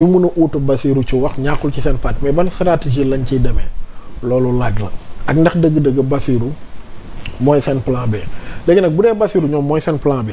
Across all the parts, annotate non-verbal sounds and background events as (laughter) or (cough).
ñu mun a uutu Basiru ci wax ñàkkul ci seen pat mais ban stratégie lañ ciy demee loolu laaj la ak ndax dëgg-dëgg Basiru mooy seen plan B léegi nag bu dee Basiru ñoom mooy seen plan B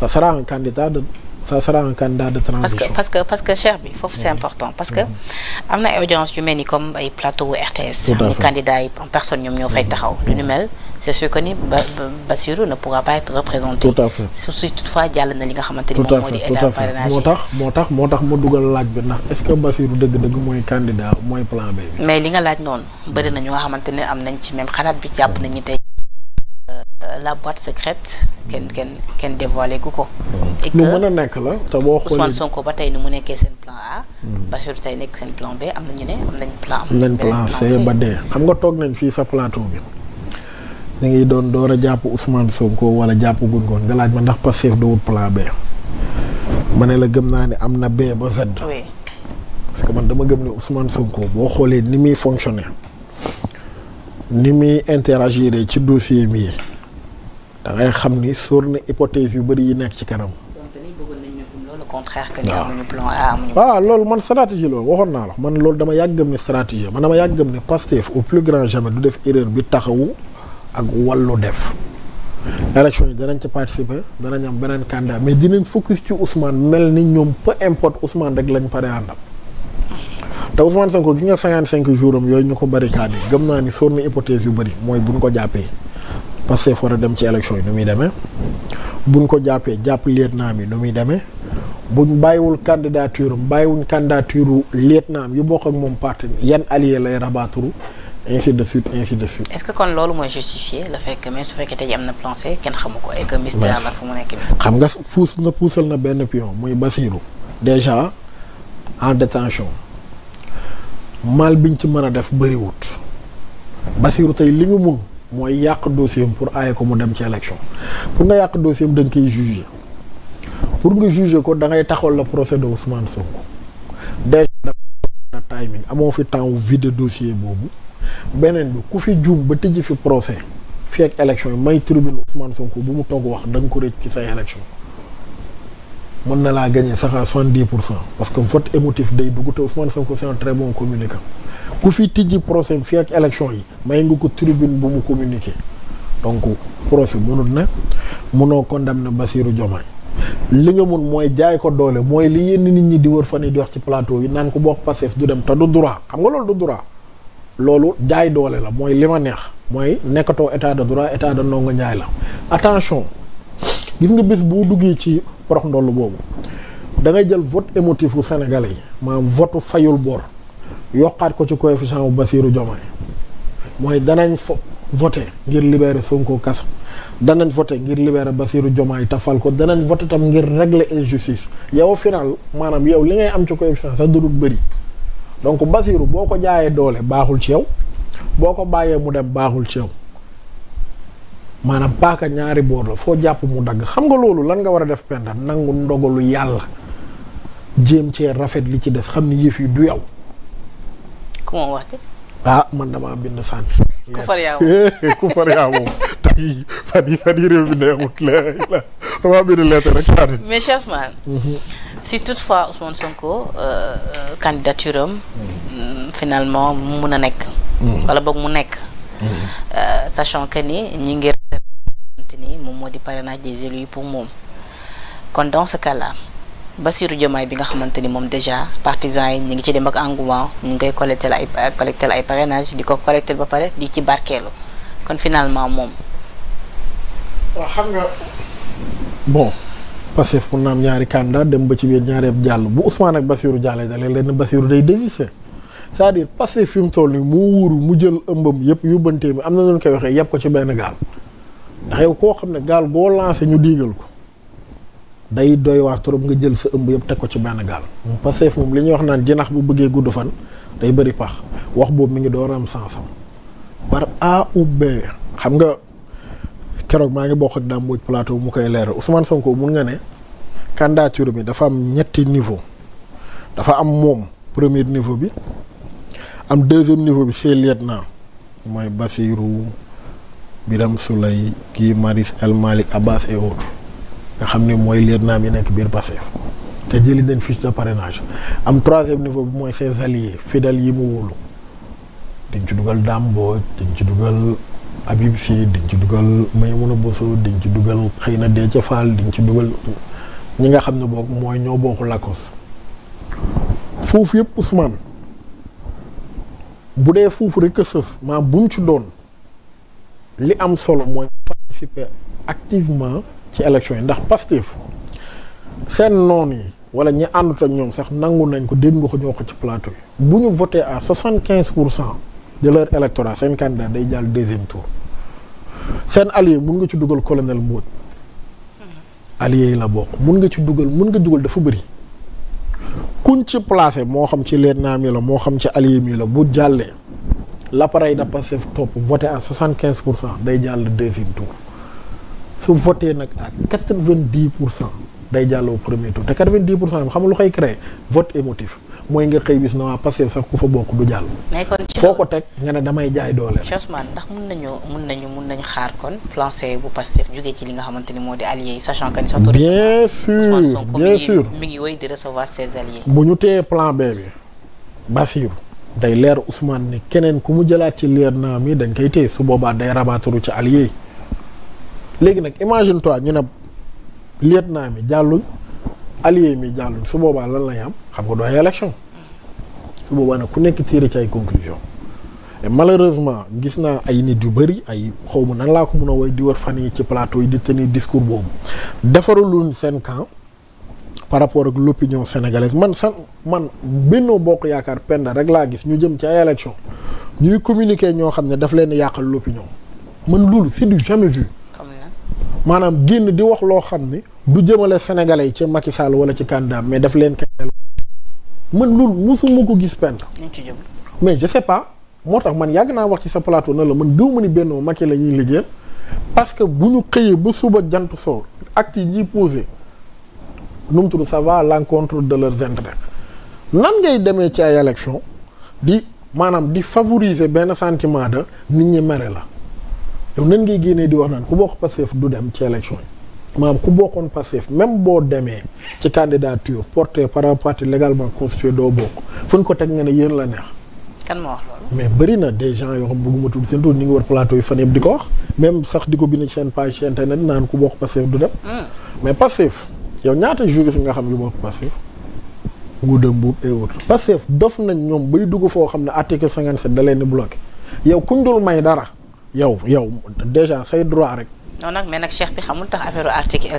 ça sera un candidat de ça sera un candidat de transition parce que parce que Cheikh bi foofu c'est important parce que mm-hmm. am na audience yu mel ni comme ay plateau RTS am ni candidat yi personne ñoom ñoo fay mm-hmm. taxaw lu ñu mel c'est sûr que ni Bassirou ne pourra pas représenté tout à fait su jàll na li nga xamante moom moo di état parrainage moo tax moo tax moo dugal laaj bi ndax est-ce que dëgg-dëgg mooy candidat mooy plan B mais li nga laaj noonu bëri ñu nga xamante la boîte secrète kenn mm. kenn kenn dévoilé gu ko. Mm. et mën a nekk la te boo xoolee Ousmane Sonko ba tey ni mu nekkee seen plan A. Mm. Bachir tey nekk seen plan B am na ñu ne am nañ am nañ plan ba xam nga toog nañ fii sa plateau bi. ñu ngi doon door a jàpp Ousmane Sonko wala jàpp guñ nga laaj ma ndax Pastef du wut plan B. ma ne la gëm naa ne am na B ba Z. parce que man dama gëm ne Ousmane Sonko boo xoolee ni muy fonctionné. ni muy interagir ci dossier bi da xam ni sóor na hypothèse yu bëri yi nekk ci kanam. contraire que A amuñu. waaw ah, loolu man stratégie loolu waxoon naa la man loolu dama yàggam ne stratégie man dama yàggam ne Pastef au plus grand jamais du def erreur bi taxawu ak wàllu def. élection yi danañ ci participer danañ am beneen candidat mais dinañ focus ci Ousmane mel ni ñoom peu importe Ousmane rek lañ pare àndam. te Ousmane Sonko gi nga 55 jours am yooyu ñu ko bari barricade gëm naa ni sóor na hypothèse yu bëri mooy buñ ko jàppee. Pastef war a dem ci élection yi nu muy demee buñ ko jàppee jàpp lieutenant yi nu muy demee buñ bàyyiwul candidature am bàyyiwuñ candidature lieutenant yi bokk ak moom part yan allié lay rabatturu ainsi de suite ainsi de suite. est-ce que kon loolu mooy justifier le fait que su fekkee tey am na plan kenn xamu ko et que Mr Amar fu mu nekk nii. xam nga puus na puusal na benn pion muy basiiru déjà en détention mal biñ ci mën a def bëriwut Basirou li mooy yàq dossier pour aaye ko mu dem ci élection pour nga yàq dossier da nga koy juger pour nga juger ko da ngay taxawal la procès de Ousmane Sonko déjà dafa timing amoo fi temps vide dossier boobu beneen bi ku fi juum ba tëj fi procès fii ak élection yi may tribune Ousmane Sonko bu mu toog wax da ko rëcc ci say élection mën na laa gagné sax à soixante-dix pour cent parce que vote émotif day dugg te Ousmane Sonko c'est un très bon ku fi tijji mu fi ak élection yi may nga ko tribune bu mu communiquer donc procès mënul ne mënoo condamner Bassirou Diomaye li nga mun mooy jaay ko doole mooy li yenn nit ñi di wër fan yi di wax ci plateau yi naan ko bokk Pastef du dem te du droit xam nga loolu du droit loolu jaay doole la mooy li ma neex mooy nekkatoo état de droit état de ndongo njaay la attention gis nga bés bu duggee ci porox ndoll boobu da ngay jël vote émotif u sénégalais yi maanaam fayul bor yokkaat ko ci coefficient wu Bassirou Diomaye mooy danañ fo voté ngir libérer Sonko kas danañ voté ngir libérer Bassirou Diomaye tafal ko danañ voté tam ngir régler injustice yow final maanaam yow li ngay am ci coefficient sa dudul bëri donc Bassirou boo ko jaayee doole baaxul ci yow boo ko bàyyee mu dem baaxul ci yow maanaam paaka ñaari boor la foo jàpp mu dagg xam nga loolu lan nga war a def penda nangu ndogalu yàlla jéem cee rafet li ci des xam ni yëf yi du yow ku ma waxte ah man damaa bind sànni. ku far yaa moom eh, ku far yaa moom. fan yi fan yi réew mi neexut la damaa bind lettre rek sànni. mais Cheikh Ousmane. Mhm. si toutefois Sonko euh, candidature mhm. finalement mu mun a nekk. Mhm. wala boog mu nekk. Euh, sachant que ni ñi ngi remercié ni moo di parrainage des élus pour moom kon dans ce cas Bassirou Diomaye bi nga xamante ni moom déjà partisans yi ñu ngi ci dem ak engouement ñu ngi koy collecté ay collecté ay parrainage di ko collecté ba pare di ci barkeelu kon finalement moom. waaw xam nga bon Pastef mun na am ñaari candidat dem ba ci biir ñaareeb jàll bu Ousmane ak Bassirou jàllee da leen leen Bassirou day désister c'est-à-dire Pastef fi mu toll nii mu wuuru mu jël ëmbam yëpp yóbbantee mi am na ñu koy waxee yëpp ko ci benn gaal ndax yow koo xam ne gaal boo lancé ñu diigal ko. day doy trop nga jël sa ëmb yëpp teg ko ci benn gaal. Pastef moom li ñuy wax naan jinax bu bëggee gudd fan day bëri pax wax boobu mi ngi doo am sansam par A ou xam nga keroog maa ngi bokk ak Dame mu koy leeral Ousmane Sonko mun nga ne candidature bi dafa am ñetti niveau dafa am moom premier niveau bi am deuxième niveau bi ses lieutenants mooy Bassirou biram Souleye kii Marius El Malick Abbas et autres nga xam ne mooy liir naam yi nekk biir Pastef te jëli nañ fiche de parrainage am troisième niveau bi mooy ses alliés fidèles yi mu wóolu dañ ci dugal Dame Mbodj ci dugal Habib Sy dañ ci dugal Maymouna Bousso dañ ci dugal xëy na Déthié Fall dañ ci dugal ñi nga xam ne boog mooy ñoo bokk lakkoos foofu yëpp Ousmane bu dee foofu rek sës maam bu mu ci doon li am solo mooy participer activement ci élection yi ndax Pastef seen noon yi wala ñi àndut ñoom sax nangu nañ ko dégg nga ko ñoo ko ci plateau yi bu ñu voté à soixante quinze pour cent de leur électorat seen candidat day jàll deuxième tour seen allié mun nga ci dugal colonel Mbodj allié yi la bokk mun nga ci dugal mun nga dugal dafa bëri kuñ ci placé moo xam ci lieutenant mi la moo xam ci allié mi la bu jàllee l'appareil de Pastef topp voté à soixante quinze pour cent day jàll deuxième tour su voté nag ak quatre vingt dix pour cent day jàll au premier tour te quatre vingt dix pour cent xam koy créé vote émotif mooy nga xëy bis na bokk du jàll. foo ko teg nga ne damay jaay doole. Cheikh Ousmane ndax mun nañu mun nañu mun nañu xaar kon plan C bu Pastef ci li nga xamante ni moo di yi sachant que ni sa tourisme. bien sûr bien sûr mi ngi wéy di recevoir ses bu ñu téye plan B bi Bassirou day leer Ousmane ni keneen ku mu jëlaat ci leer naa mi dañ koy téye su boobaa day rabaataru ci allié yi. léegi nag imagine toi ñu ne lieutenant mi jàlluñ allié mi jàlluñ su boobaa lan lay am xam nga dooy élection su boobaa ne ku nekk tiire ci ay conclusion et malheureusement gis naa ay nit yu bëri ay xaw ma nan laa ko mën a woy di wër fan yi ci plateau yi di tenir discours boobu defaraluñ seen camp par rapport ak l'opinion sénégalaise man san man Benno Bokk Yaakaar penda rek laa gis ñu jëm ci ay élection ñuy communiquer ñoo xam ne daf leen yàqal l'opinion man loolu c'est du maanaam génn di wax loo xam ne du jëmale sénégalais yi ci Macky Sall wala ci candidat mais daf leen kañal man loolu mosuma ko gis pent mais je sais pas moo tax man yàgg naa wax ci sa plateau na la man gëw ma ni Benno Macky la ñuy liggéeyal parce que bu ñu xëyee ba suba jant soo acte yi ñuy posé nu tudd ça va l'encontre de leurs intérêts nan ngay demee ci ay élection di maanaam di favoriser benn sentiment de nit ñi mere la yow nan ngay génnee di wax naan ku bokk Pastef du dem ci élection yi maanaam ku bokkoon Pastef même boo demee ci candidature portée par un parti légalement constitué doo bokk fu ko teg nga ne yéen la neex. kan ma mais bëri na des gens yoo xam bëgguma tudd seen tur ñu ngi war plateau yi fan yëpp di ko wax même sax di ko bind ci seen page ci internet naan ku bokk Pastef du dem. Hmm. mais Pastef yow ñaata juriste nga xam yu bokk Pastef. Ngouda Mboup et autres Pastef dof nañ ñoom bay dugg foo xam ne article 57 da leen di bloqué yow kuñ dul may dara. yow yow déjà say droit rek. non nag mais nag cheikh bi xamul tax affaire article l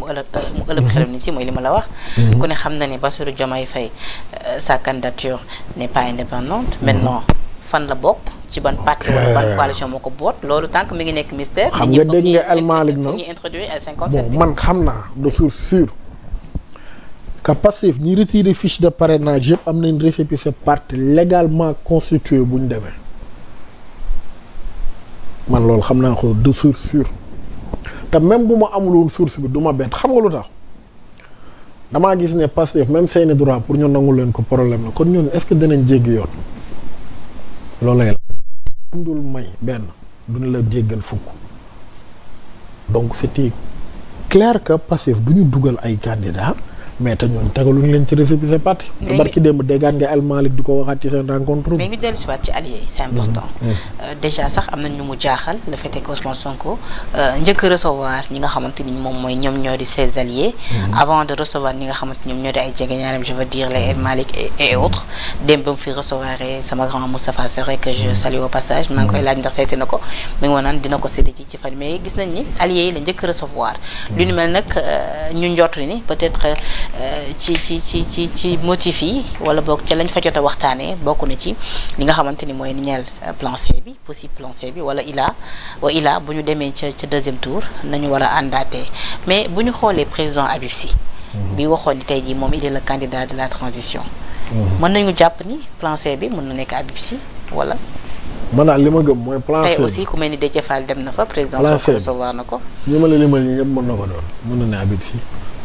mu ëllëg mu ëllëg mhm. xelam ni ci mooy li ma la wax. Mhm. ku ne xam na ne Bassirou Diomaye Faye euh, sa candidature n'est pas indépendante mhm. maintenant. fan la bokk ci ban parti wala ban coalition moo ko boot loolu tant que mi ngi nekk mystère. xam nga dégg nga El Malick na man xam naa de source sûre que Pastef ñi retiré fiche de parrainage yëpp am nañ récépissé parti légalement constitué bu ñu demee. man loolu xam naa ko de source sûre te même bu ma amul woon source bi du ma bett xam nga lu tax damaa gis ne Pastef même seeni droit pour ñu nangu leen ko problème na kon ñun est-ce que dinañ jéggi yoon loolay la. dul may benn duñu la jéggal fukk donc c'était clair que Pastef du ñu dugal ay candidats. mais te ñun tegaluñ ko waxaat ñu dellu ci allié yi c'est important. Mm-hmm. Euh, déjà mu jaaxal le fait que Ousmane Sonko euh, njëkk recevoir ñi nga xamante ni moom mooy ñoom ñoo di ses alliés. Mm-hmm. avant de recevoir ñi nga xamante ñoom ñoo di ay jegeñaaleem je veux dire les El Malick et et mm-hmm. autres démb ba mu fi recevoir eh, sama koy laaj ndax seeti na ko mi ngi ma naan dina ko séddee ci fan mais gis nañ ni allié yi la njëkk recevoir. lu ni mel nag euh, ñu njort ni peut-être. Euh, ci ci ci ci ci motif yi wala boog ca lañ fa jot a waxtaanee bokk na ci li nga xamante ni mooy ñeel euh, plan C bi possible plan C bi wala ila wa ila bu ñu demee ca ca deuxième tour nañu war a àndaatee mais bu ñu xoolee président Habib Sy mhm. bi waxoon ni tey jii moom il est le candidat de la transition mhm. mën nañu jàpp ni plan C bi mën na nekk Habib Sy wala man daal li ma gëm mooy plan C tey aussi ku mel ni de Fall dem na fa président soo recevoir na ko ñi ma la limal ñi mën na ko doon mën na ne Habib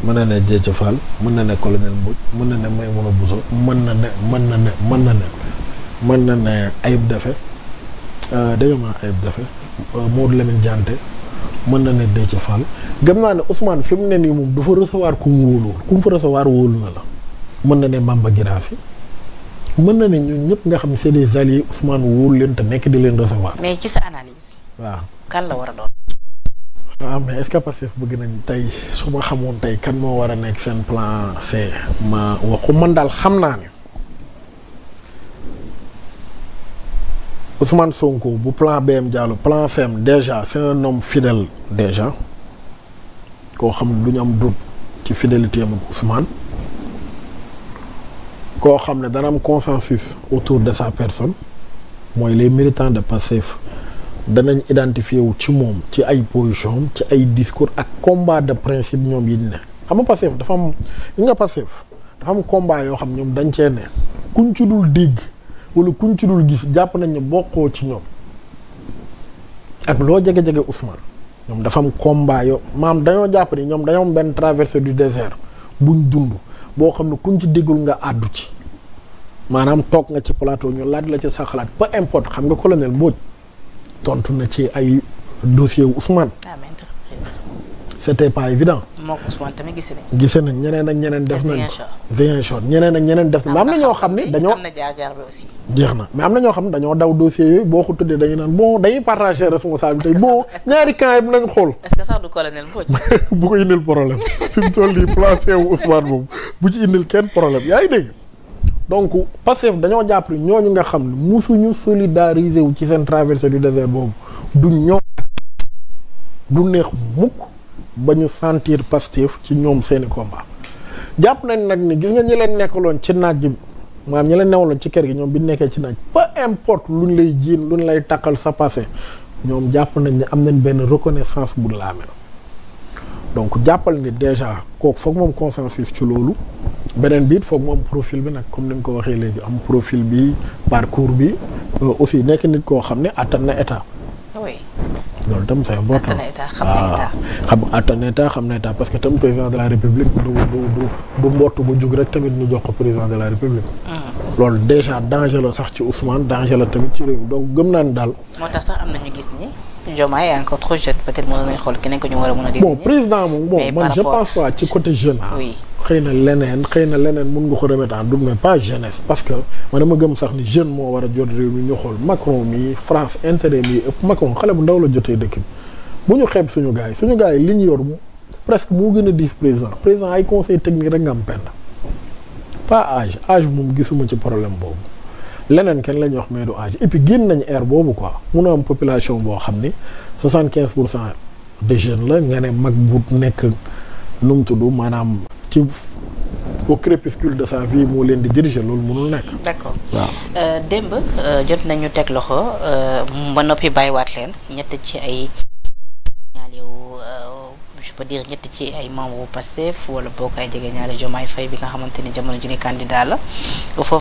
mën na ne Déthié Fall mën na ne colonel Mbodj mën na ne Maïmouna Bousso mën na ne mën na ne mën na ne mën na ne Ayib Daffé euh, dégg nga Ayib Daffé euh, Maodo Lamine Diante mën na ne Déthié Fall gëm naa ne Ousmane fi mu ne nii moom du fa recevoir ku mu wóolu ku mu fa recevoir wóolu na la mën na ne Bamba Girassi mën na ne ñun ñëpp nga xam ne c'est des alliés Ousmane wóolu leen te nekk di leen recevoir. mais ci sa analyse. waaw kan la war a doon. ah mais est-ce que bëgg nañ tey su ma xamoon tey kan moo war a nekk seen plan C ma waxu man daal xam naa ne Ousmane Sonko bu plan BM Diallo plan CM déjà c'est un homme fidèle déjà koo xam ne du am doute ci fidélité am ak Ousmane koo xam ne dana am consensus autour de sa personne mooy les militants de Pastef danañ identifié wu ci moom ci ay position ci ay discours ak combat de principe ñoom yi ne xam nga Pastef dafa am yi nga Pastef dafa am combat yoo xam ñoom dañ cee ne kuñ dégg wala kuñ ci dul gis jàpp nañ ne bokkoo ci ñoom ak loo jege-jege Ousmane ñoom dafa am combat yo maam dañoo jàpp ni ñoom dañoo am benn traversée du désert buñ dund boo xam ne kuñ ci déggul nga àddu ci maanaam toog nga ci plateau ñu laaj la ci sa xalaat peu importe xam nga colonel Mbodj tontu na ci ay dossier wu Ousmane. Ah, c'était pas évident. moo ko Ousmane tamit gis nañ. gis nañ ñeneen ak ñeneen def nañ ko Ziguinchor ñeneen ak ñeneen def nañ am na ñoo xam ne dañoo am na na mais am na ñoo xam ne dañoo daw dossier yooyu boo ko tuddee dañu naan boo dañuy partager responsabilité bon ñaari camp yi nañ xool. est-ce que sax du colonel Mbodj. (laughs) bu ko indil problème (laughs) fi toll nii placé wu Ousmane moom bu ci indil kenn problème yaa ngi dégg. donc Pastef dañoo jàpp ñooñu nga xam ne musuñu solidariser wu ci seen traversée du désert boobu du ñoom du neex mukk ba ñu sentir Pastef ci ñoom seeni combat jàpp nañ nag ni gis nga ñi leen nekkaloon ci naaj bi maanaam ñi leen newaloon ci kër gi ñoom bi nekkee ci naaj peu importe luñ lay jiin luñ lay takkal sa passé ñoom jàpp nañ ne am nañ benn reconnaissance bu laamee donc jàppal ni déjà kooku foog moom consensus ci loolu beneen bi it foog mu profil bi nag comme ni nga ko waxee léegi am profil bi parcours bi euh, aussi nekk nit koo xam ne attan na état. oui. loolu tam c'est important xam na attan état xam na état parce que tam président de la république du du du du mbott tamit ñu jox ko de la république. Hmm. loolu déjà danger la sax ci Ousmane danger la tamit ci réew mi donc gëm naa ni daal. moo tax sax na ñu gis ni. Diomaye est encore trop jeune xool keneen ko ñu war président moom bon man je pense waa ci côté jeune. oui. xëy na leneen xëy na leneen mun nga ko remettre en doute mais pas jeunesse parce que man dama gëm sax ni jeune moo war a jot réew mi ñu xool Macron mi France intérêt mi ëpp xale bu ndaw la jotee dëkk bi bu ñu xeeb suñu gars suñu gars yi li ñu yor presque moo gën a diis président président ay conseil technique rek nga am penn pas âge âge moom gisuma ci problème boobu leneen kenn la ñuy wax mais du âge et puis génn nañ air boobu quoi mun a am population boo xam ni 75 pour cent de jeunes la nga ne mag bu nekk nu mu maanaam ci au crépuscule de sa vie moo leen di diriger loolu mënul nekk. d' accord waaw euh, démb euh, jot nañu teg loxo euh, ba noppi waat leen ñett ci ay. je peux dire ñett ci ay membres wu Pastef wala boo koy jege ñaari Jomaay Fay bi nga xamante ni jamono ji ni candidat la